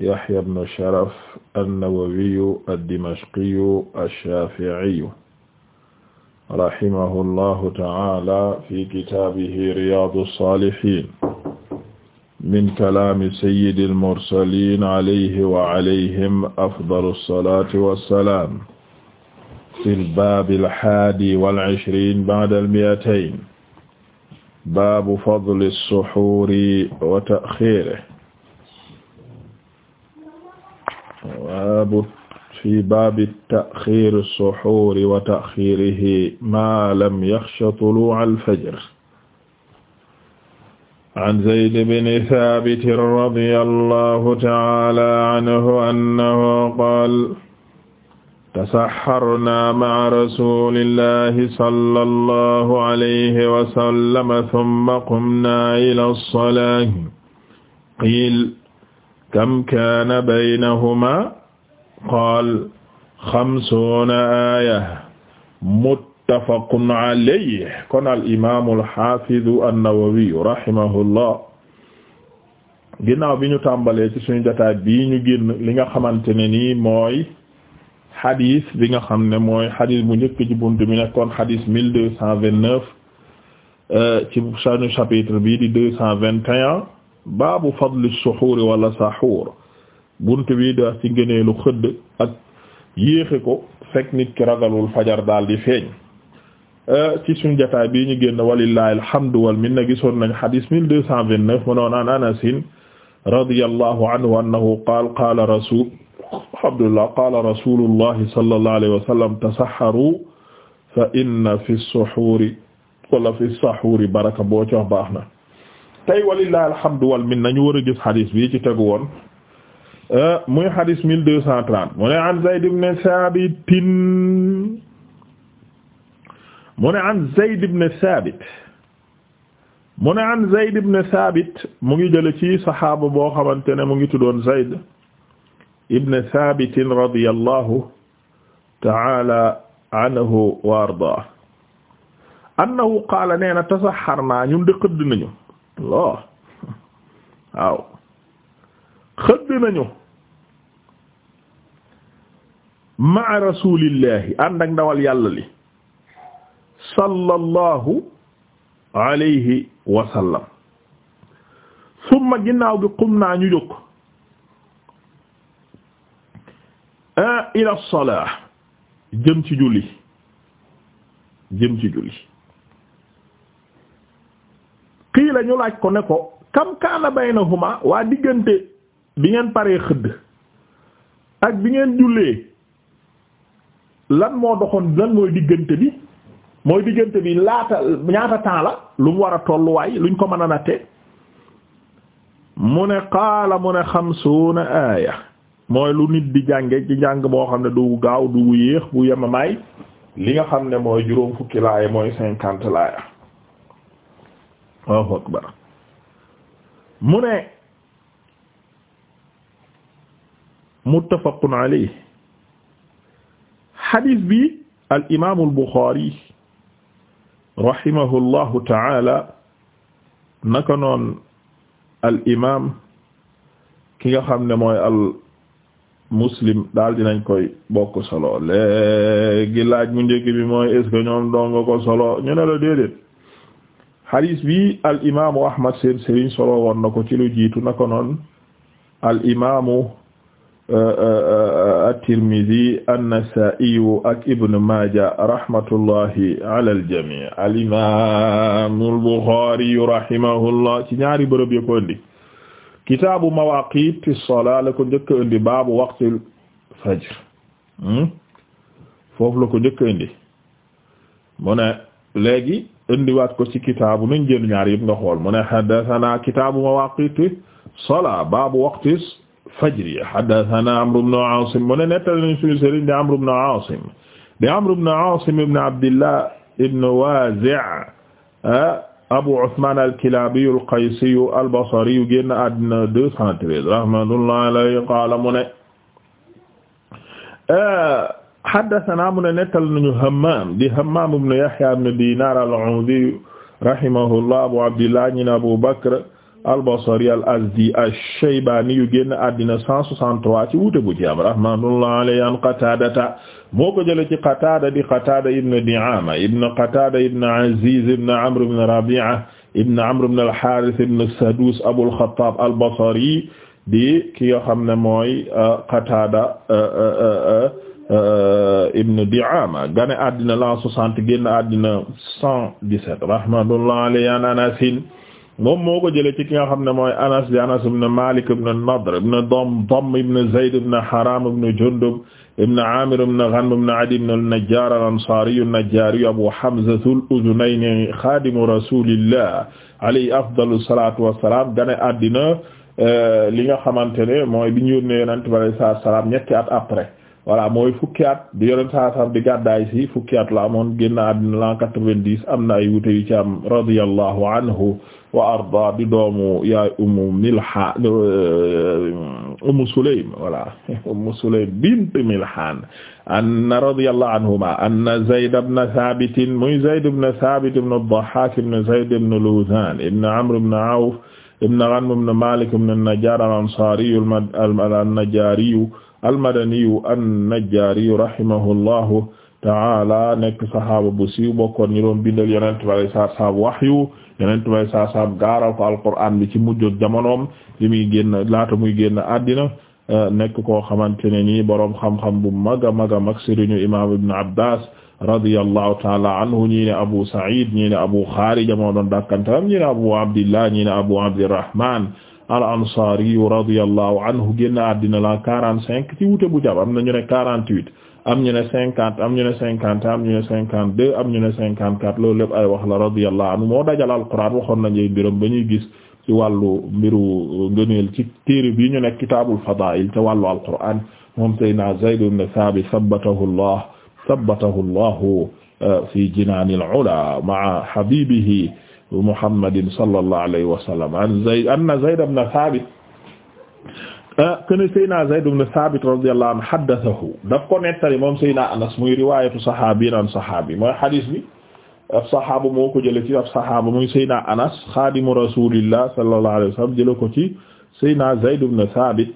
Yahya ibn Sharaf an-Nawawiyu ad-Dimashqiyu ash-Shafi'iyu rahimahullahu ta'ala fi kitaabihi Riyaadu s-Saalihiin min kalaami sayyidil mursaliin alayhi wa alayhim afdalu s-salaati was-salaam fil baabil haadi wal ishriin ba'dal mi'atayn baabu fadli s-suhuuri wa ta'khiirihi baabu fi baabi ta'xiiri suxuuri wa ta'xiirihi maa lam yaxsha tuluu'a al-fajr an Zayd bin Thaabit radiyallahu ta'aalaa anhu annahu qaala tasaxarnaa ma'a rasuulillaahi sallallahu alayhi wa sallam thumma qumnaa ilaa as-salaati qiila kam kaana baynahumaa qaal xamsuuna aaya muttafaqun alayhi kon al imaamu alxafidu annawawiyu rahimahullah ginnaaw bi ñu tàmbalee ci suñu jotaay bii ñu génn li nga xamante ne nii mooy xadis bi nga xam ne mooy xadis bu njëkk ci bunt bi nekkoon xadis mille deux cent vingt neuf euh, ci suñu chapitre bii di deux cent vingt et un baabu fadli suxuur wala saxuur bunt bi da ci ngëneelu xëdd ak yéexe ko fekk nit ki ragalul fajar daal di feeñ euh, ci suñ jataay bii ñu génn walillahi alhamdu wal minna gisoon nañ xadis 1229 mu noon an anasin radiyallahu anhu annahu qaal qaala rasul alhamdulillah qaala rasulullahi sallallahu alayhi tasaharu fa inna fi suhuri baraka boo ci wax baax na alhamdu wal minna ñu war a gis xadis bi ci tegu Euh, muy hadis mille deux cent trente mu ni an Zayd ibn Thabit mu ne an Zayd ibn Thabit mu ne an Zayd ibn mu ngi jële ci saxaaba boo xamante ne mu ngi tuddoon Zayd ibn Thabit radiyallahu ta'ala anhu wa ardaa annahu qaala nee na tasaxarnaa ñun de xëdd nañu Allah waaw xëdd nañu maa rasulillahi ànd ak ndawal yàlla li sallallahu alayhi wa sallam summa ginnaaw gi qum naa ñu jóg ila salah jëm ci julli jëm ci julli qiila ñu laaj ko ne ko kam kaana baynahuma waa diggante bi ngeen paree xëdd ak bi ngeen jullee lan moo doxoon lan mooy diggante bi mooy diggante bi laata ñaata temps la lu mu war a tolluwaay luñ ko mën a natte mu ne qaala mu ne xamsuuna aaya mooy lu nit di jànge ci njàng boo xam ne du gaaw du yéex bu yemamaay li nga xam ne mooy juróom fukki laaya mooy cinquante laaya waaw mu ne muttafaqun alayhi xadis bi al imaamu al Buxaari rahimahullahu ta'ala naka noon al imaam ki nga xam ne mooy al muslim daal dinañ koy bokk solo léegi laaj mu njëkk bi mooy est ce ñoom doon ko solo ñu ne la déedéet xadis bi al Ahmad seen sëriñ solo woon ko ci lu jiitu naka noon al Euh, euh, euh, at-Tirmidhi an-Nasa'i ak Ibn Maaja rahmatullahi ala al-jami' al-imam al-Bukhari rahimahullah ci ñaari bërëb yi ko indi kitaabu mawaqit as-salat la ko njëkk indi baabu waqtil fajr hmm? foofu la ko njëkk indi mu ne léegi indiwaat ko ci kitaabu nañ jël ñaar yëpp nga xool mu ne haddathana kitaabu mawaqit as-salat baabu waqtis fajri haddathana Amr ibn Asim mu ne nettali nañu suñu sëriñ di Amr ibn Asim di Amr ibn Asim ibn Abdillah ibn Wazi' ah, Abu Uthman al-Kilabi al-Qaysi al-Basri yu génn àddina 213 rahmatullahi alayhi qaala mu ne ah, haddathana mu ne nettali nañu Hammam di Hammam ibn Yahya ibn Dinar al-Awdi rahimahullah Abu Abdillah ibn Abu Bakr al-Basri al-Azdi ash-Shaybani yu génn àddina 163 ci wuute bu ci am rahmatullahi alayhi an Qataadata moo ko jëlee ci Qataada di Qataada ibn Di'aama ibn Qataada ibn Aziz ibn Amr ibn Rabi'a ibn Amr ibn al-Haarith ibn Sadus Abul al-Basri di ki nga xam ne mooy euh, Qataada euh, euh, ibn Di'aama gane àddina la 60 génn àddina 117 rahmatullahi alayhi an Anas moom moo ko jëlee ci ki nga xam ne mooy Anas di Anas ibn Malik ibn Nadr ibn Damdam ibn Zayd ibn Haram ibn Jundub ibn Amir ibn Ghanm ibn Adi ibn al-Najjar al-Ansari an-Najjari Abu Hamza al-Udhunayni khadimu rasulillah alayhi afdalu salatu wassalam gane àddina euh, li nga xamante ne mooy bi ñu yónnee Yonent bi alayhi salaatu salaam ñetti at après voilà mooy fukki at di Yonent saa salaam di gàddaay si fukki at la amoon génn àddina l'an quatre-vingt-dix am na ay wute yu ci am radiyallahu anhu wa arda di doomu yaay ummu milhaan euh, ummu sulaym wala ummu sulaym bint milhaan anna radiyallahu anhuma anna zayd ibn thabit muy zayd ibn thabit ibn ad-dahhak ibn zayd ibn luzan ibn amr ibn awf ibn ghanm ibn malik ibn an-najjar al-ansari an-najjari al-madani an-najjari rahimahullahu ta'ala nekk sahaaba bu siiw bokkoon ñu doon bindal yonent bi alayhi salaatu wa salaam wahyu yeneen tubay saa saam gaaral ko alquran bi ci mujj jamonoom li muy génn laata muy génn àddina nekk koo xamante ne nii boroom xam bu mag a mag a mag sëriñu imaam ibn Abbas radiyallahu taala anhu ñii ne Abu Sa'id ñii ne Abu Kharija moo dakkanta dakkantaam ñii ne Abu Abdillah ñii ne Abu Abdirrahman al ansari radiyallahu anhu génn àddina la 45 ci wute am na ñu ne am ñu ne cinquante am ñu ne cinquante am ñu ne cinquante deux am ñu ne cinquante quatre loolu lépp ay wax la radiyallahu anhu moo dajal alquran waxoon nañu ay mbiram ba ñuy gis ci wàllu mbiru ngëneel ci téere bi ñu nekk kitaabul fadaa'il ca wàllu alquran moom sayna Zayd ibn Thabit sabbatahu Allah sabbatahu Allah euh, fi jinaanil ula ma'a habibihi Muhammadin sallallahu alayhi wa sallam an Zayd anna Zayd ibn Thabit kene euh, Seyna Zayd ibn Thabit radiyallahu anhu haddathahu daf ko nettali moom Seyna Anas muy riwaayatu saxaabi naan saxaabi mooy xadiis bi ab saxaaba moo ko jële ci ab saxaaba muy Seyna Anas xaadimu rasulillah sallallahu alayhi wa sallam jële ko ci Seyna Zayd ibn Thabit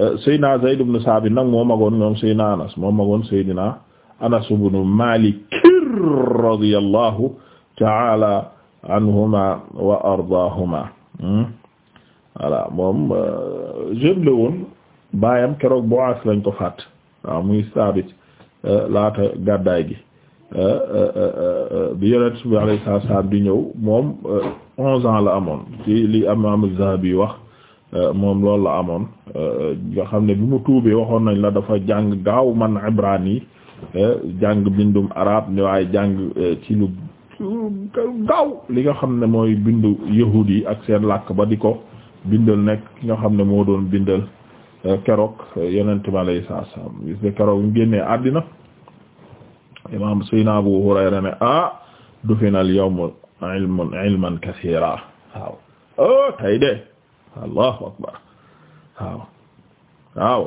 euh, Seyna Zayd ibn Thabit nag moo magoon moom Seyna Anas moo magoon Seydina Anas ibn Malik radiyallahu ta'ala anhuma wa ardaahuma hmm? voilà moom euh, jeune woon baayam keroog boo as lañ ko fàtt waaw muy saabit euh, laata gàddaay gi euh, bi yonent bi alayhi salaam di ñëw moom onze ans la amoon ci li Imaam Zahabi wax moom loolu la amoon nga xam ne bi mu tuubee waxoon nañ la dafa jàng gaaw man ibrani jàng bindum arab waaye jàng ci lu gaaw li nga xam ne mooy bindu yahudi yi ak seen làkk ba di ko bindal nekk ki nga xam ne moo doon bindal euh, keroog euh, yonent bi alayhi salaam gis nga keroog mu génnee àddina imaam Seydina Abu Hurayra ne ah dufina al-yawma ilman oh, tay de allahu akbar waaw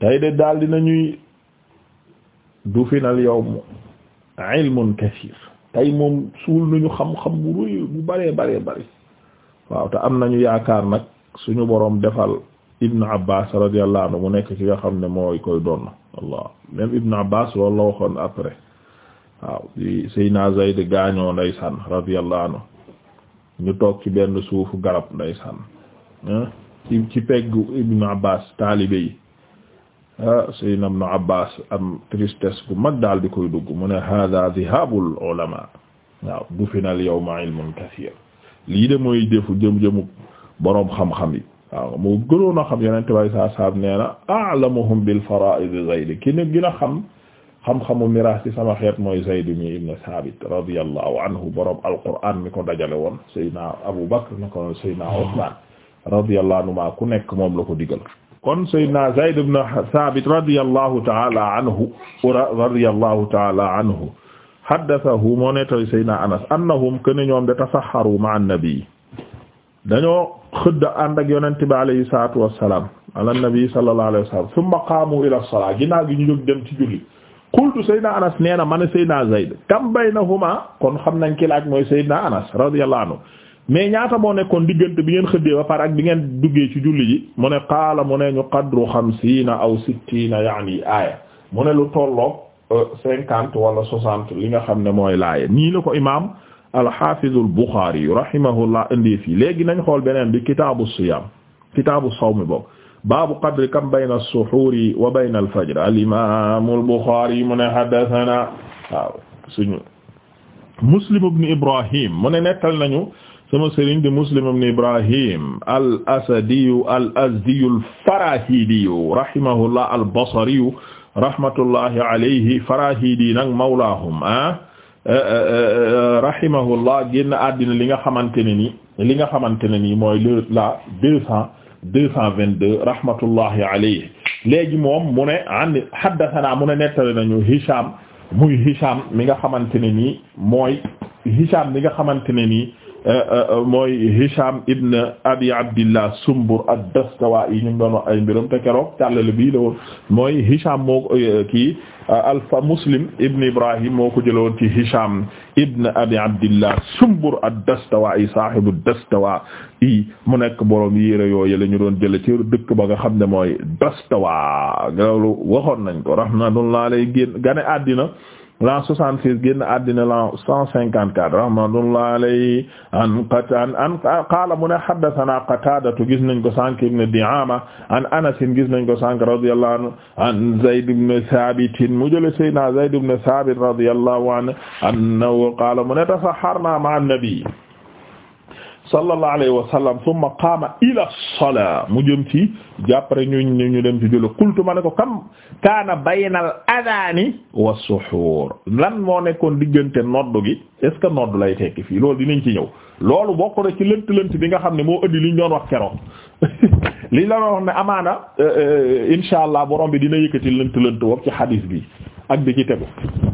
tay de daal dina ñuy dufina al-yawma ilmun tay moom suul nañu xam-xam bu rëy bu bëree bëree bëri. waaw te am nañu yaakaar nag suñu boroom defal Ibn Abbas radiyallahu anhu mu nekk ci nga xam ne mooy koy doon Allah même Ibn Abbas loolu la waxoon après waaw di Seyna Zayd gaañoo ndeysaan radiyallahu anhu ñu toog ci benn suufu garab ndeysaan ci ci peggu Ibn Abbas taalibe ah, Seyna Ibn Abbas am tristesse bu mag daal di koy dugg mu ne hada dhihabul ulama waaw dufinal yawma ilmun kathir lii de mooy jëfu jëm jëmu boroom xam-xam yi waaw moo gënoon a xam yonent bay bi saab nee na a'lamuhum bil fara'id Zayd ki ne gën xam xam-xamu miraas ci sama xeet mooy Zayd mi ibn Saabit radiyallahu anhu boroom alquran mi ko dajale woon Seydina Abu Bakr na ko Seydina Usman radiyallahu anhu ma ku nekk moom la ko digal kon Seydina Zayd ibn haddathahu moo nettali Seydina Anas annahum kaana ñoom de tasaxaru ma'a an dañoo xëdd ànd ak yonent bi alayhi salaatu wassalaam ala nabi sallallahu alayhi wasallam thumma qaamu ila as-salaat ginnaaw gi ñu jóg dem ci julli qultu Seydina Anas nee na ma ne Seydina Zayd kam baynahuma kon xam nañ ki laaj mooy Seydina Anas radiyallahu anhu mais ñaata moo nekkoon diggante bi ngeen xëddee ba pare ak bi ngeen duggee ci julli ji mu ne qaala mu ne ñu qadru xamsiina aw sittiina yaani aaya mu ne lu tollook cinquante wala soixante li nga xam ne mooy laaye nii la ko imaam alxaafizul Buxaari rahimahullah indi fii léegi nañ xool beneen bi kitaabu siyaam kitaabu sawmi boobu baabu qadri kam bayna as-suhuuri wa bayna al-fajr al-imaamul Buxaari mu ne haddasanaa waaw suñu Muslim ibn Ibrahim mu ne nettal nañu sama sëriñ di Muslim ibn Ibrahim al-Asadiyu al-Azdiyu al-Faraahidiyu rahimahullah al-Basriyu rahmatullahi alayhi farahidi nag mawlaahum ah eh, eh, eh, rahimahullah génn àddina li nga xamante ne ni li nga xamante ne ni mooy le la deux cent deux cent vingt-deux rahmatullahi alayhi léegi moom mu ne an haddathana mu ne nettali nañu Hisham muy Hisham mi nga xamante ne nii mooy Hisham mi nga xamante ne nii Euh, euh, euh, mooy Hisham ibn Abi Abdillah Sumbur ad-Dastuwaa'i ñu ngi doon wax ay mbiram te keroog tallale bii la woon mooy Hisham moo kii alfa Muslim ibn Ibrahim moo ko jëlee woon ci Hisham ibn Abi Abdillah Sumbur ad-Dastuwaa'i saahibu ad-Dastuwaa'i mu nekk borom yére yoo la ñu doon jëlee ci dëkk ba nga xam ne mooy Dastuwaa loolu waxoon nañ ko rahmatullahi alayhi génn gane àddina l'an 66 génn àddina l'an 154 rahmatullahi alayhi an qatan an qaala mu ne haddathana qatadatu gis nañ ko sànq ibn di'ama an anas gis nañ ko sànq radiyallahu anhu an zayd ibn thabit mu jële sayyidina zayd ibn thabit radiyallahu anhu annahu qaala mu ne tasaharna ma'a an-nabi sallallahu alayhi wa sallam thumma qaama ila salaa mu jëm ci jàppare ñu ñu dem ci julli qultu ma ne ko kam kaana baynal adhaani wa suhuur lan moo nekkoon diggante noddu gi est ce que noddu lay tekki fii loolu dinañ ci ñëw loolu bokk na ci lënt-lënt bi nga xam ne moo ëddi liñ doon wax keroog liñ la doon wax ne amaana euh, euh, insha allah borom bi dina yëkkati lënt-lënt wopp ci hadis bi ak bi ci tegu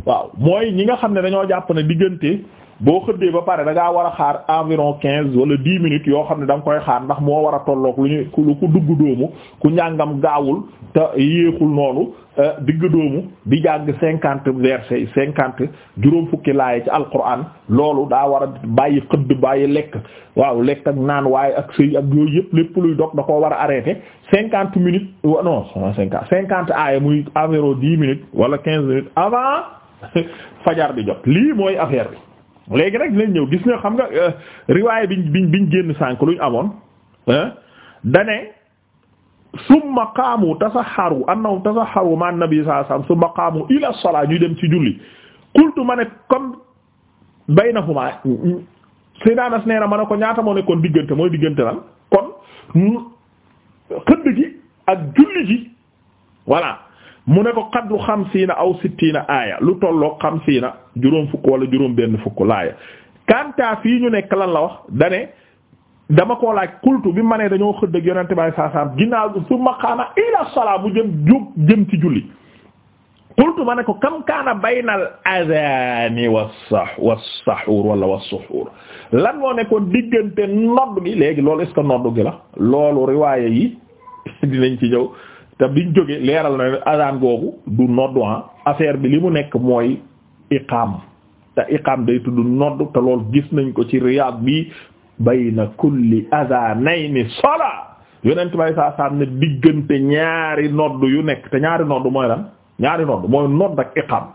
waaw mooy ñi nga xam ne dañoo jàpp ne diggante boo xëddee ba pare dangaa war a xaar environ quinze wala dix minutes yoo xam ne da koy xaar ndax moo war a tolloog lu ñu lu ku dugg doomu ku njàngam gaawul te yéexul noonu eh, digg doomu di jàgg cinquante versets yi cinquante juróom fukki laay ci alquran loolu daa war a bàyyi xëdd bàyyi lekk waaw lekk ak naan waaye ak sëy ak yooyu yëpp lépp luy dog da koo war a arrêté cinquante minutes non cinquante cinquante aaya muy environ dix minutes wala quinze minutes avant fajar di jot lii mooy affaire léegi rek dinañ ñëw gis nga xam nga euh, riwaay biñ bi biñ génn sànk luñ amoon dane summa qaamu tasaxaru annahum tasaxaru ma nabi sallallahu alayhi wasallam summa qaamu ila salaa ñuy dem ci julli qultu ma ne comme baynahuma Seydina Anas nee na ma ne ko ñaata moo nekkoon diggante mooy diggante lan kon xëdd gi ak julli gi voilà mu ne ko xaddu xamsiina aw sittiina aaya lu tolloog xamsiina juróom fukk wala juróom benn fukk laaya kanta fii ñu nekk lan la wax dane dama koo laaj kultu bi ma ne dañoo xëdd ak yonente bi saa ginnaaw bi su ma xaama ila salaa bu jëm jóg jëm ci julli kultu ma ne ko kam kaana baynal adani wa wa saxuur wala wa suxuur lan moo nekkoon diggante nodd gi léegi loolu est nodd gi la loolu riwaaya yi dinañ ci ñëw te biñ jógee leeral na adaan googu du noddu ah affaire bi li mu nekk mooy iqaam te iqaam day tudd noddu te lool gis nañ ko ci Riyad bi bayna kulli adhanayni salaa yonent bay saa saa diggante ñaari noddu yu nekk te ñaari noddu mooy lan ñaari noddu mooy nodd ak iqaam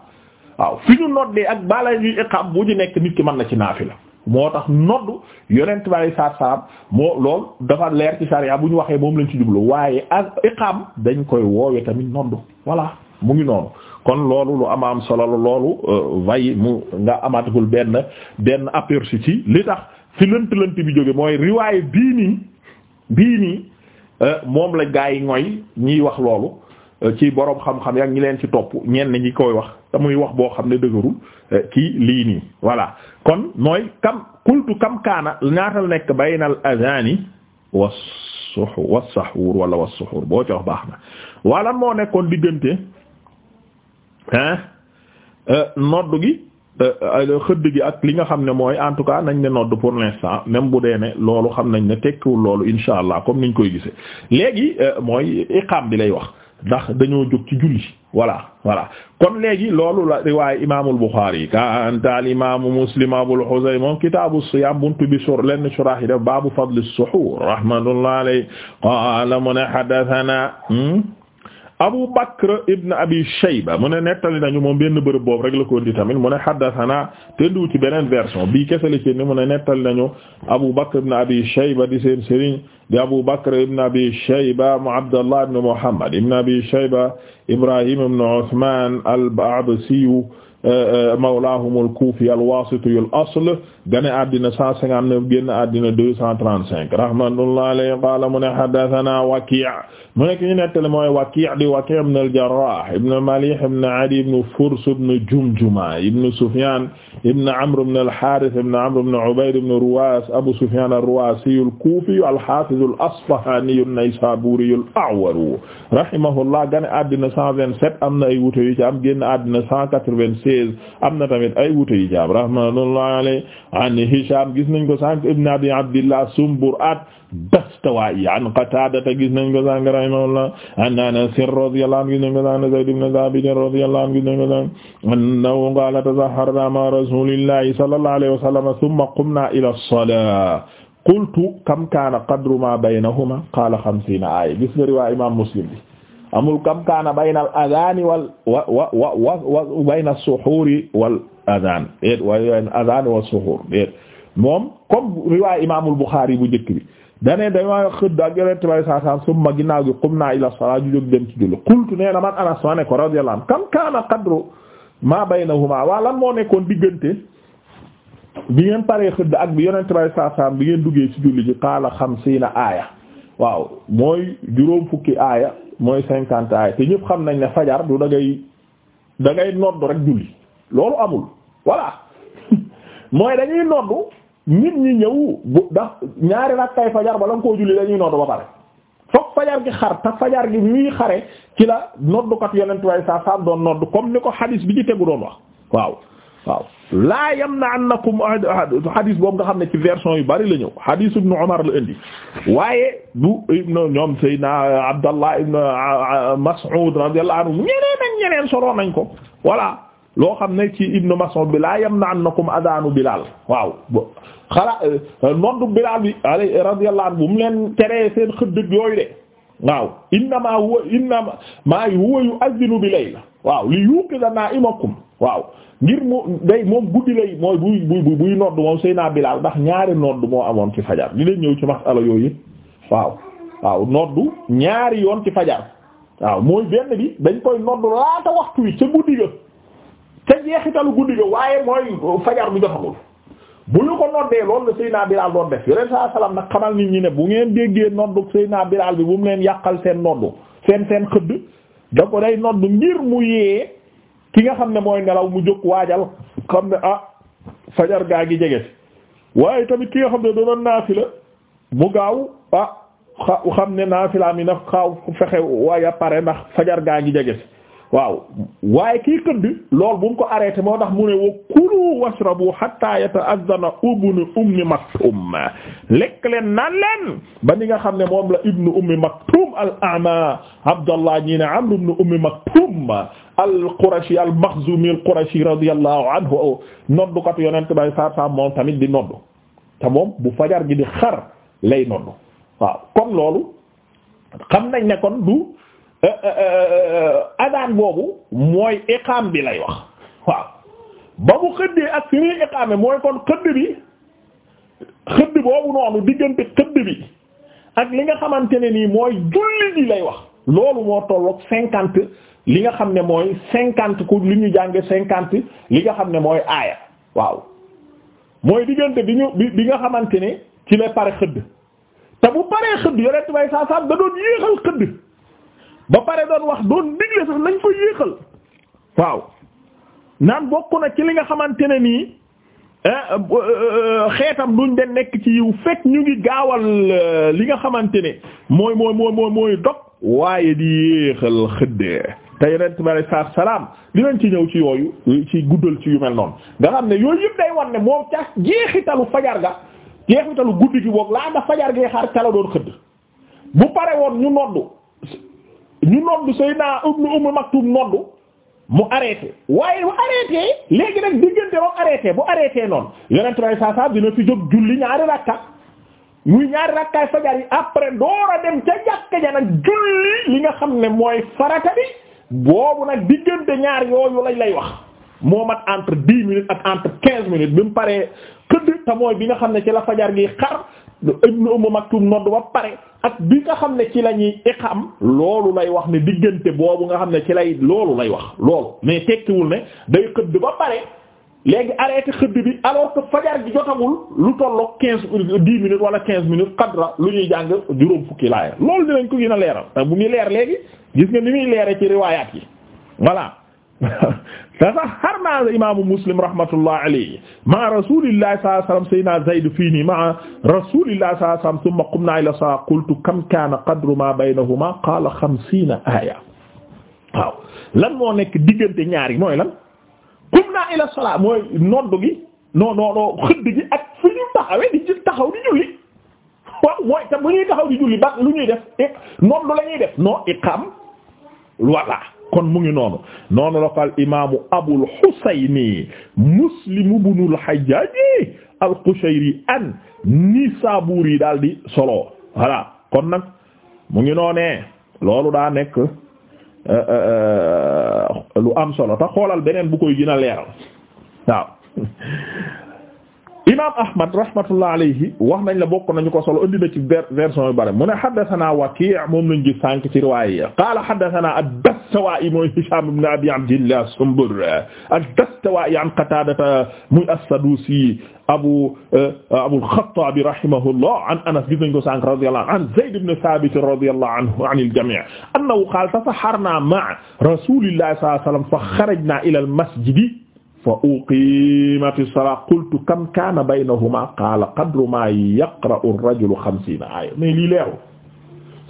waaw fi ñu noddee ak balaa ñuy iqaam bu ñu nekk nit ki mën na ci naafila moo tax noddu yonent bari saat saam moo lool dafa leer ci sariya bu ñu waxee moom lañ ci jublu waaye ak iqaam dañ koy woowe tamit noddu voilà mu ngi noonu kon loolu lu ama am solo loolu euh, vayi mu nga amatagul benn benn aperçu ci li tax fi lënt lënt bi jóge mooy riwaay bii nii bii nii euh, moom la gaa yi ñooy ñiy wax loolu ci borom xam-xam yak ñi leen ci topp ñenn ñi koy wax te muy wax boo xam ne dëgërul ci eh, lii nii voilà kon mooy kam kultu kam kaana ñaatal nekk baynal yi was suxu was saxuur wala wax suxuur boo ci baax na wala moo nekkoon diggante hein eh, nodd gi eh, xëdd gi ak li nga xam ne mooy en tout cas nañ ne nodd pour l'instant même bu dee ne loolu xam nañ ne tekkiwul loolu insha allah comme niñ koy gisee léegi mooy iqaam bi lay wax ndax dañoo jóg ci julli voilà voilà kon léegi loolu la riwaay imaamul Buxaari kanta al imaamu Muslim Abul Husayn moom kitaabu siyaam buntu bi sur lenn surah yi def baabu fadli suhuur rahmatullahi alayhi qaala mu ne haddathana hmm? Abu Bakr ibn Abi Shayba mu ne nettali nañu moom benn bërëb boobu rek la ko tamit mu ne haddathana te du ci beneen version bii kese la ci ni mu ne nettali nañu Abu Bakr ibn Abi Shayba di seen sëriñ di Abu Bakr ibn Abi Shayba mu Abdallah ibn Muhammad ibn Abi Shayba Ibrahim ibn Uthman al-Absiyu Euh, euh, mawlaahum al-Kuufi al-Waasiti al-asl gane addina cent cinquante neuf génn addina deux cent trente cinq rahmatullahi alayhi qaala mu ne haddathanaa Wakii' mu nekk ñu nettali mooy Wakii' di Wakii' ibn al-Jarraah ibn Maliih ibn Adiy ibn Furs ibn Jumjuma ibn Sufyaan ibn Amr ibn al-Haarith ibn Amr ibn Ubayd ibn Ruwaas Abu Sufyaan ar-Ruwaasi al-Kuufi al-Haafiz al-Asbahaani an-Naysaabuuri al-A'war rahimahullah gane addina cent vingt sept am na ay wuute yu ci am génn addina cent quatre vingt six seize am na tamit ay wute yi jaab rahmatullahi alayhi an Hisham gis nañ ko sànq ibn Abi Abdillah Sumbur'at Dastuwaa'i an Qataada gis nañ ko sànq rahimahullah an Anas radiyallahu anhu gis nañ ko sànq Zayd ibn Thaabit radiyallahu anhu gis nañ ko sànq annahu qaala tazahharnaa ma'a rasuulillahi sallallahu alayhi wa sallam thumma qumnaa ilaa as-salaati qultu kam kaana qadru maa baynahumaa qaala xamsiina aaya gis nga riwaaya Imaam Muslim bi amul kam kaana bayna al adani wal wa wa wa wa wa bayna suxuuri wal adan déet wa bayna adani wa suxuur déet moom comme riwaay imaamul Buxaari bu njëkk bi dane dañoo xëdd ak yonente bi saa saa summa ginnaaw gi qum naa ila salaa ju jóg dem ci julli qultu nee na man Anas ma ne ko radiyallahu anhu kam kaana qadru ma baynahuma waa lan moo nekkoon diggante bi ngeen paree xëdd ak bi yonente bi saa saa bi ngeen duggee ci julli ji qaala xamsiina aaya waaw mooy juróom fukki aaya mooy cinquante aaya te ñëpp xam nañ ne fajar du da ngay da ngay rek julli loolu amul voilà mooy dañuy nodd nit ñi ñëw bu da ñaari rakkay fajar bala nga koo julli dañuy nodd ba pare fokk fajar gi xar te fajar gi bi xare ci la noddukat yonentu way sa sam doon nodd comme ni ko hadis bi ci tegu doon wax waaw waaw laa yamna'annakum ahad hadis boobu nga xam ne ci version yu bari la ñëw hadis ibnu Umar la indi waaye bu ibnu ñoom Seydina Abdallah ibnu Mas'ud radiyallahu anhu ñeneen ak ñeneen soroon nañ ko voilà loo xam ne ci ibnu Mas'ud bi laa yamna'annakum adanu Bilal waaw xala euh, noddu Bilal bi ala radiyallahu anhu bu mu leen teree seen xëddëg yooyu de waaw innama huwa innama huwa yu'adhinu bi layla waaw li yuqiza na'imakum waaw ngir mu day moom guddi lay mooy buy buy buy nodd moom Seydina Bilaal ndax ñaari nodd moo amoon ci fajar li leen ñëw ci masala yooyu yëpp waaw waaw noddu ñaari yoon ci fajar waaw mooy benn bi dañ koy noddu laata waxtu wi ca guddi ga ca jeexitalu guddi ga waaye mooy fajar bu joxagul bu ñu ko noddee loolu la Seydina Bilaal doon def yoneen saa salaam nag xamal nit ñi ne bu ngeen déggee noddu naa Bilaal bi bu mu leen yàqal seen noddu seen seen xëdd da ko mu ki nga xam ne mooy ngelaw mu jóg waajal xam ne ah fajar gaa gi jege waaye tamit ki nga xam ne doonoon naafila mu gaaw ah xa xam ne naafilaam yi na xaaw fexe waaye pare ndax fajar gaa gi jege waaw waaye kii këdd lool bu mu ko arrêté moo tax mu ne wa kulu washrabu hatta yata'azzana ibnu maktum lekk leen naan leen ba ni nga xam ne moom la ibnu ummi maktum al-a'ma abdallah ñi ne amr ibnu ummi maktum al-qurashi al-makhzumi al-qurashi radiyallahu anhu noddukatu yonent bay saar saam moom tamit di noddu te moom bu fajar gi di xar lay noddu waaw kon loolu xam nañ ne kon du Euh, euh, euh, adaan boobu mooy iqaam bi lay wax waaw ba mu xëddee ak fi muy iqaame mooy kon xëdd bi xëdd boobu noonu diggante xëdd bi ak li nga xamante ne nii mooy julli bi lay wax loolu moo tolloog cinquante li nga xam ne mooy cinquante ku li ñu jànge cinquante li nga xam ne mooy aaya waaw mooy diggante bi ñu bi nga xamante ne ci lay pare xëdd te bu paree xëdd yore saa saa da doon yéexal xëdd ba pare doon wax doon digle sax nañ ko yéexal waaw naan bokk na ci li nga xamante ne nii eh, eh, eh, xeetam duñ de nekk ci yiw fekk ñu ngi gaawal li nga xamante ne mooy mooy mooy mooy mooy dog waaye di yéexal xëddee te yeneen bi alei salaam dinañ ci ñëw ci yooyu ci guddal ci yu mel noon nga xam ne yooyu yëpp day wan ne moom ca jeexitalu fajar ga jeexitalu guddi gi boog laa nga fajar gee xaar ca la doon xëdd bu pare woon ñu noddu ñu noddu Seydina Ibnu Umm Maktum noddu mu arrêté waaye bu arrêté léegi nag diggante moom arrêté bu arrêté noonu yonent bay saa saa dina fi jóg julli ñaari rakka muy ñaari rakkaay fajar yi après door a dem ca jàkka ja nag julli li nga xam ne mooy farata bi boobu nag diggante ñaar yooyu lañ lay wax moo mat entre dix minutes ak entre quinze minutes bi mu paree këdd te mooy bi nga xam ne ci la fajar gi xar ibnu Umm Maktum nodd ba pare ak bi nga xam ne ci la ñuy iqam loolu lay wax ne diggante boobu nga xam ne ci lay loolu lay wax lool mais tekkiwul ne day xëdd ba pare léegi arrêté xëdd bi alors que fajar gi jotagul lu tolloog quinze dix minutes wala quinze minutes qadra lu ñuy jàng juróom fukki laaya loolu dinañ ko gën a leeral bu muy leer léegi gis nga ni muy leere ci riwaayaat yi voilà dafa xar naa imaamu muslim rahmatullah alayhi maa rasulillahi sallallahu alayhi wa sallam sayyidina Zayd fii nii maa rasulillahi sallallahu alayhi wa sallam thumma qumna ila salat qultu kam kaana qadru ma baynahuma qaala xamsiina aaya waaw lan moo nekk diggante ñaar yi mooy lan qumna ila salat mooy noddu gi non non non xëdd gi ak fu ñu taxawee di ci taxaw di julli waaw mooy te bu ñuy taxaw di julli ba lu ñuy def eh, noddu la ñuy def non iqaam voilà kon mu ngi noonu noonu la ko al imaamu Abul Husayni Muslim ibnul Hajjaaj al-Qushayri an-Nisaburi daal di solo voilà kon nag mu ngi noonee loolu daa nekk euh, euh, euh, lu am solo te xoolal beneen bu koy gina a leeral imam ahmad rahmatullah alayhi wax nañ la bokk nañu ko solo indi na ci version yu bari mu ne hadathana waki' moom lañ gis sànk ci riwaaya qala hadathana ad-dastawa'i mooy hisham ibn abi abdillah sumbur ad-dastawa'i an qatadata muy as-sadusi abu eh, abu al-khattab rahimahullah an anas gis nañ ko sànk radiyallahu an zayd ibn thabit radiyallahu anhu an al-jami' annahu qala tasaharna ma'a rasulillahi sallallahu alayhi wa sallam fa kharajna ila al-masjid fa uqimati salaa qultu kam kaana baynahuma qaala qadru ma yaqra'u ar-rajulu xamsiina aaya mais lii leeru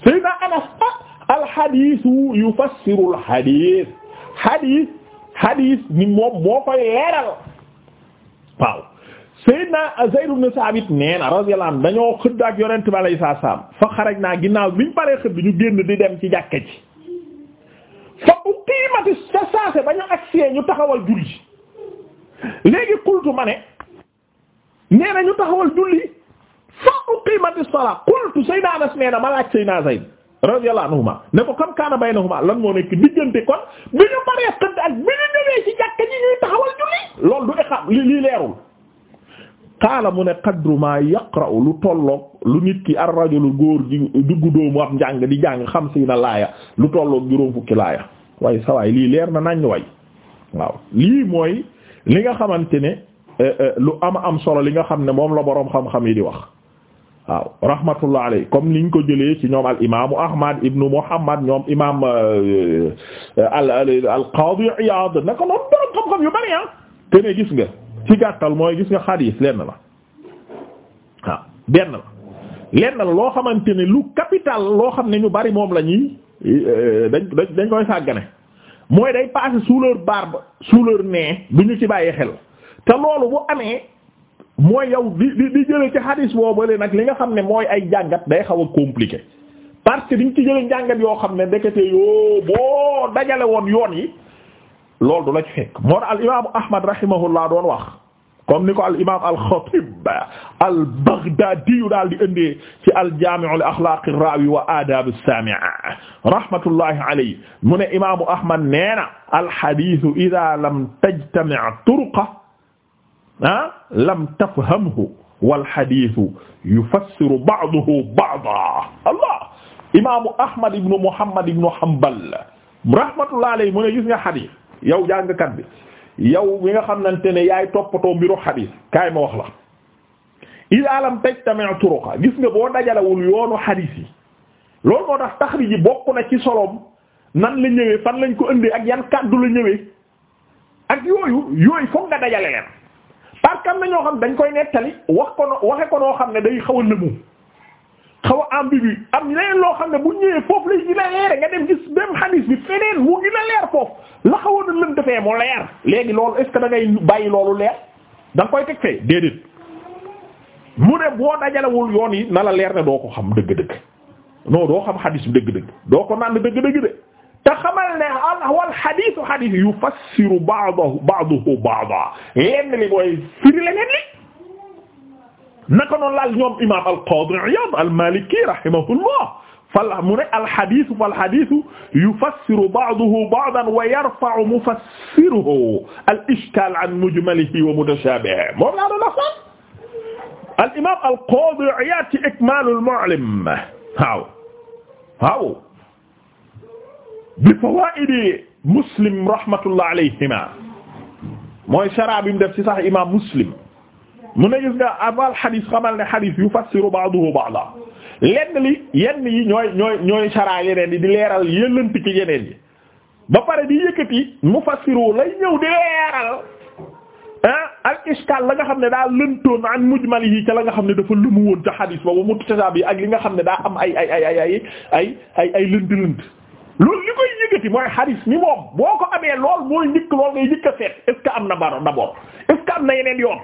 sayyidina Anas ah alxadiisu yufassiru alxadiis xadiis xadiis ni moom moo koy leeral waaw sayyidina Zayd ibn Saabit nee na radiyallahu anhu dañoo xëdd ak yonent bi alayhi salaam fa xaraj naa ginnaaw biñ paree xëdd ñu génn di dem ci jàkka ji fa uqimati sa saase ba ñu agsee ñu taxawal julli léegi qultu ma ne nee na ñu taxawal julli fa uqimatis salaa qultu Seydina Anas nee na ma laaj Seydina Zayd radiyallahu anhuma ne ko kam kaana baynahuma lan moo nekk diggante kon bi ñu paree xëdd ak bi ñu ñëwee ci jàkka ji ñuy taxawal julli loolu du iqaam li lii leerul qaala mu ne qadru ma yaqra'u lu tolloog lu nit ki ar rajulu góor ji diggu dóomu ab njàng di jàng xamsiina laaya lu tolloog juróom fukki laaya waaye sawaay lii leer na nañ way li nga xamante ne eh, eh, lu am am solo li nga xam ne moom la boroom xam-xam yi di wax waaw rahmatullah alay comme niñ ko jëlee ci ñoom al imaamu ahmad ibnu muhammad ñoom imaam eh, al al qaadi iyaad naka noonu boroom xam-xam yu bari ah te ne gis nga ci gàttal mooy gis nga xadiis lenn la waaw benn la lenn la loo xamante ni lu capital loo xam ne ñu bari moom lañuy dañ dañ koy sàggane mooy day passé sous leur barbe sous leur du ñu ci bàyyi xel te loolu bu amee mooy yow li di di jële ci hadis boobale nag li nga xam ne mooy ay jàngat day xaw a compliqué parce que diñ ci jële jàngat yoo xam ne ndekete yoo boo dajale woon yoon yi loolu du la ci fekk moo al imaamu Ahmad laa doon wax comme ni ko al imaam al xatib al baghdaadi daal di indee ci al jaami' li axlaaq ar-raawi wa aadaab as-saami' rahmatullahi alayhi mu ne imaamu Ahmad nee na al hadiis idaa lam tajtami' turuqahu ah, lam tafhamhu wal hadiis yufassiru ba'duhu ba'dan. Allah imaamu Ahmad ibn Muhammad ibn Hanbal rahmatullahi alayhi mu ne gis nga hadiis yow jàngkat bi. yow mi nga xamante ne yaay toppatoo mbiru xadiis kaay ma wax la ida lam tajtami' turuqa gis nga boo dajalewul yoonu xadiis yi loolu moo tax taxriji bokk na ci solom nan la ñëwee fan lañ ko ëndee ak yan kàddu la ñëwee ak yooyu yooyu foog nga dajale leen parce que na ñoo xam dañ koy nettali wax ko no waxe ko noo xam ne day xaw a lëmu xaw a ambigu am leneen loo xam ne bu ñëwee foofu la gën a leer nga dem gis même xadiis bi feneen mu gën a leer foofu la xawoon na lën defee mu leer léegi loolu est ce bàyyi loolu leer da koy teg fee déedéet mu ne boo dajalewul yoon yi na la leer ne doo ko xam dëgg-dëgg non doo xam xadiis bi dëgg-dëgg doo ko naan dëgg-dëgg de te xamal ne al wal xadiisu xadiis yufassiru ba'dahu ba'dahu ba'dan lenn li mooy firi leneen li naka noonu laal ñoom imaam al-Qaadi Iyaad al-Maaliki rahimahullah fal mu ne alxadisu falxadisu yufassiru ba'duhu ba'dan wa yarfa'u mufassiruhu al-ishkaal an mujmalihi wa mutashaabihihi moom laa doon wax al-imaam al-Qaadi Iyaad ci Ikmaalul Mu'lim waaw waaw bi fawaa'idi Muslim rahmatullah alayhima mooy sharh bi mu def ci Sahih imaam Muslim mu ne gis nga abal xadis xamal ne xadis yu fassiru ba'duhu ba'da lenn li yenn yi ñooy ñooy ñooy saraa yeneen yi di leeral yëllanti ci yeneen yi ba pare di yëkkati mufassiru lay ñëw di leeral ah, al iskal la nga xam ne daa lëntoon an mujmali yi ca la nga xam ne dafa lëmu woon ca xadis ba ba mutasab yi ak li nga xam ne daa am ay ay ay ay ay ay ay lënt lënt loolu li koy yëkkati mooy xadis mi moom boo ko amee lool mooy njëkk lool ngay njëkk seet est am na baro d'abord est ce que am na yeneen yoon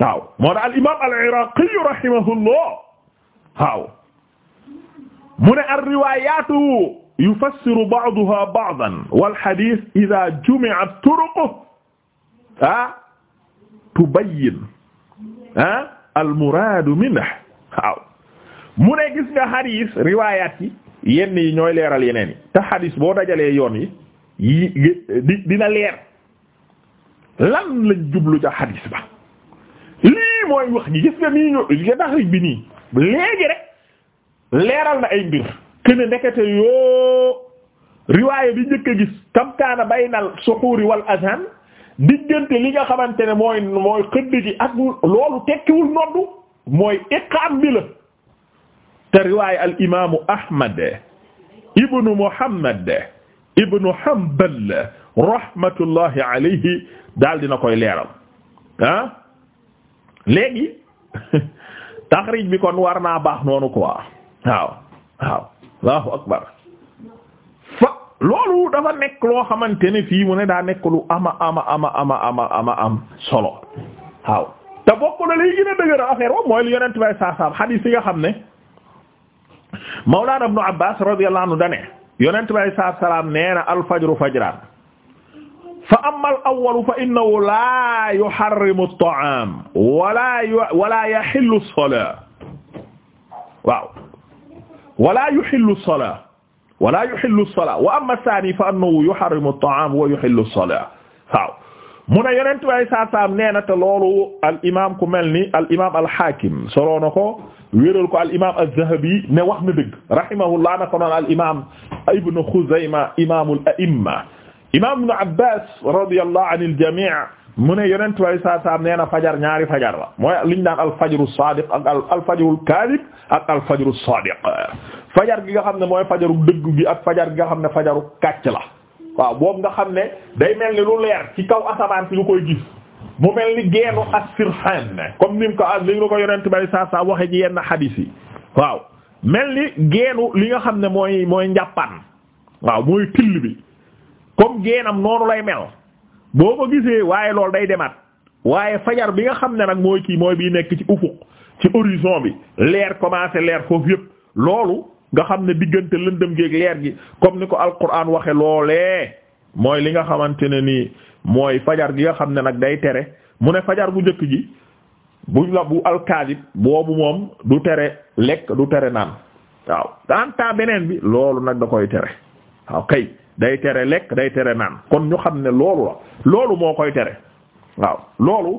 waaw moo tax al imaam al iraqi rahimahullah waaw mu ne ar riwaayaatu yufassiru ba'duha ba'dan wal hadiis idaa jumi'at turuquhu ah tubayyin ah al muraadu minhu waaw mu ne gis nga hadiis riwaayaat yi yenn yi ñooy leeral yeneen yi te hadiis boo dajalee yoon yi yi dina leer lan lañ jublu ca hadiis ba. mooy wax ji gis nga nii ñu gis bi nii léegi rek leeral na ay mbir que ne ndekete yoo riwaaya bi njëkk a gis kamtaana baynal suxuuri wal azan diggante li nga xamante ne mooy mooy xëdd gi ak loolu tekkiwul noddu mooy iqaam bi la te riwaaya al imaamu Ahmad ibnu Muhammad ibnu Hanbal rahmatullahi alayhi daal dina koy leeral ah. léegi taxrij bi kon war naa baax noonu quoi waaw waaw allahu akbar fa loolu dafa nekk loo xamante ne fii mu ne daa nekk lu ama ama ama ama ama ama am solo waaw te bokk na lay gën a dëgër affaire boobu mooy lu yonent bay saasaam xadiis yi nga xam ne Mawlaana Ibnu Abbaas radiyallahu anhu dane yonent bay saasalaam nee na al fajraan fa amma al awwalu fa innahu laa yuharrimu at-ta'aam wala wala yahillu as-salaa waaw wala yuhillu as-salaa wala yuhillu as-salaa wa amma as-saani fa annahu yuharrimu at-ta'aam wa yuhillu as-salaa waaw mu ne yonent way saa saam nee na te loolu al imaam ku mel ni al imaam al Haakim soloo na ko wéeral ko al imaam az-Zahabi ne wax na dëgg rahimahullah na ko noon al imaam Ibn Khuzayma imaamul a'imma imaam ibn Abbas radiyallahu anil jamii mu ne yonent way saa saa na fajar ñaari fajar la mooy liñ naan alfajru al ak alfajru kadib ak alfajru sadiq fajar gi nga xam ne mooy fajaru dëgg gi ak fajar gi nga xam ne fajaru kàcc la waaw boobu nga xam ne day mel ni lu leer ci kaw asamaan si nga koy gis mu mel ni geenu as-sirhan comme ni mu ko ah li nga ko yonent bay saa saa waxee ci yenn hadith yi waaw mel ni geenu li nga xam ne mooy mooy njàppaan waaw mooy till bi. comme geenam noonu lay mel boo ko gisee waaye loolu day demaat waaye fajar bi nga xam ne nag mooy kii mooy bi nekk ci ufuq ci horizon bi leer commencé leer foofu yëpp loolu nga xam ne diggante lëndëm géeg leer gi comme ni ko alquran waxe loolee mooy li nga xamante ne nii mooy fajar gi nga xam ne nag day tere mu ne fajar bu njëkk gi bu la bu alkaadib boobu moom du tere lekk du tere naan waaw tant beneen bi loolu nag da koy tere waaw kay day tere lekk day tere naan kon ñu xam ne loolu la loolu moo koy tere waaw loolu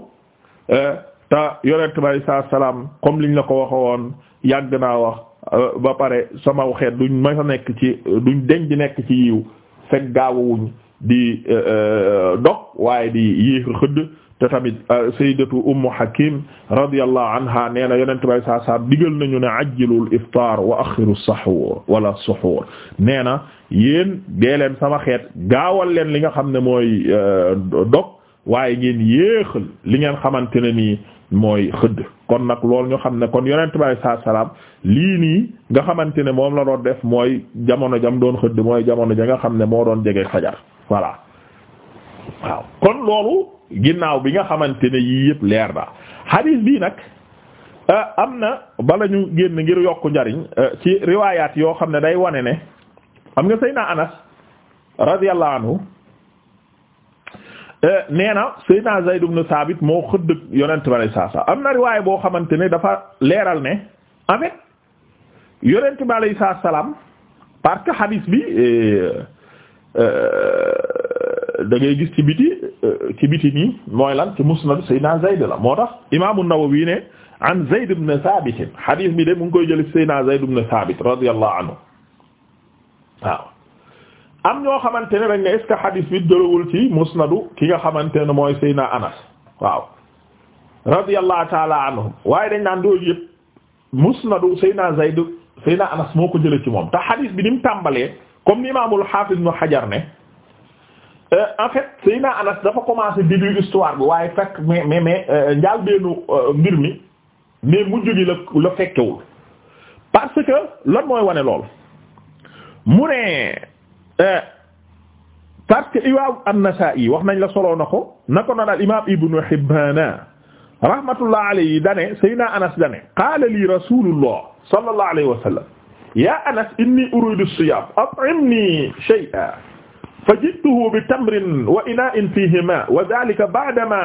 eh, te yonent bi saa salaam comme liñ la ko waxa woon yàgg naa wax eh, ba pare sama xeet duñ ma sa nekk ci duñ deñ di nekk ci yiw fekk gaawuwuñ di eh, dog waaye di yéex a xëdd te tamit euh, sayyidatu ummu hakim radiyallahu anha nee na yonent bay saa saa digal nañu ne ajjilul iftaar wa axiru sahur wala suhur nee na yéen dee sama xeet gaawal leen li nga xam ne mooy euh, dog waaye ngeen yéexal li ngeen xamante ne nii mooy xëdd kon nag loolu ñu xam ne kon yonent bay salaam lii nii nga xamante ne moom la doon def mooy jamono jam doon xëdd mooy jamono ja nga xam ne moo doon jege xajar voilà waaw kon loolu ginnaaw bi nga xamante ne yii yëpp leer na hadith bii nag euh, am na bala ñu génn ngir yokk njariñ euh, ci riwaayaat yoo xam ne day wane ne xam nga Seydina Anas radiyallahu anhu euh, nee na Seydina Zayd ibn Thabit moo xëddëg yonent bi alayhi salaatu salaam am na riwaay boo xamante ne dafa leeral ne en fait yonent bi alayhi salaatu salaam parce que bi da ngay gis ci biti euh, ci biti nii mooy lan ci musnad Seydina Zayd la moo tax imaamu Nawawi ne an Zayd mu ngi koy jël Seydina Zayd ibn Thabit radiyallahu anhu waaw am ñoo xamante ne dañ ne est ce que hadith ci musnadu ki nga xamante ne mooy Seydina Anas waaw radiyallahu ta'ala anhu waaye dañ naan doolu yëpp musnadu Seydina Zayd Seydina Anas moo ko jële ci moom te hadith bi ni mu tàmbalee comme ni imaamul Hafiz ibn Hajar ne Euh, en fait Seydina Anas dafa commencé début histoire bi waaye fekk mais mais mais euh, njaal beenu euh, mbir mi mais mujj la fekkewul parce que lan mooy wane lool mu ne parce que imaam An-Nasa'i wax nañ la soloo na ko na ko noon al imam Ibnu Hibbana rahmatullah alayhi dane Seydina Anas dane qaala li rasulullah sallallahu alayhi wa sallam ya Anas inni uridu siyam at'imni fa jituhu bi tamrin wa ina'in fihi ma wa dhalika ba'dama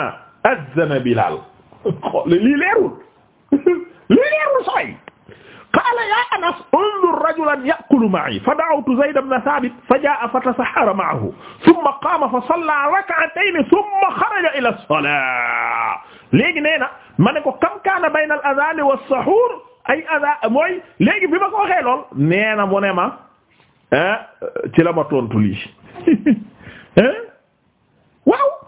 azzana Bilal xool lii leerul lii leerul sooy qaala ya Anas unzur rajulan ya'kulu ma'i fa da'awtu Zayd ibn Thabit fa jaa'a fa tasahhara ma'ahu thumma qaama fa salla rak'atayni thumma kharaja ila as-salaa léegi nee na ma ne ko kam kaana bayna al-adhaan was-suhuur ay adhaan mooy léegi bi ma ko waxee lool nee na mu ne ma eh, ci la ma tontu lii waaw